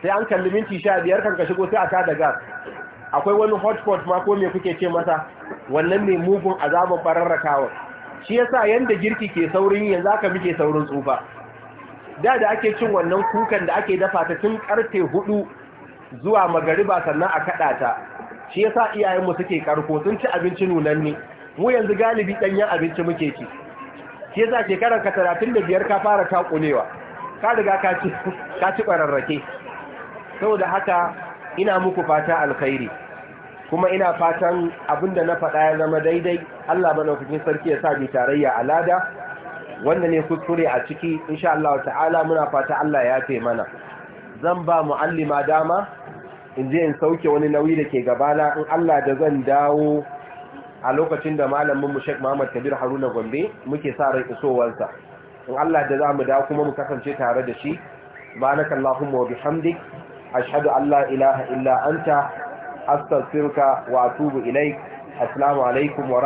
sai an kalli minti sha biyar kan ka shigo sai a tada gas akwai wani hotspot ma ko me kuke ce masa wannan ne mugun azaban bararrakawa shi yasa yanda girki ke saurin yanzu aka muke saurin tsufa da da ake cin wannan kukan da ake dafa ta tun karfe huɗu zuwa magariba sannan a kada ta shi yasa iyayenmu suke karko sun ci abinci nunanne mu yanzu galibi danyen abinci muke ci shi yasa shekarar ka 35 ka fara takulewa ka riga ka ci *laughs* ka ci bararrake saboda haka ina muku fata alkhairi kuma ina fatan abinda na faɗa ya zama daidai Allah madaukakin sarki ya sa bi tarayya a lada wanda ne kuskure a ciki insha Allah ta'ala muna fata Allah ya fe mana zan ba muallima dama in je in sauke wani nauyi da ke gabana in Allah da zan dawo a lokacin da malamin mu Sheikh Muhammad Kabir Haruna Gombe muke sa ran isowarsa in Allah da zamu dawo kuma mu kasance tare da shi subhanakallahumma wa bihamdik ashhadu an la ilaha illa anta astaghfiruka wa atubu ilaik assalamu alaikum wa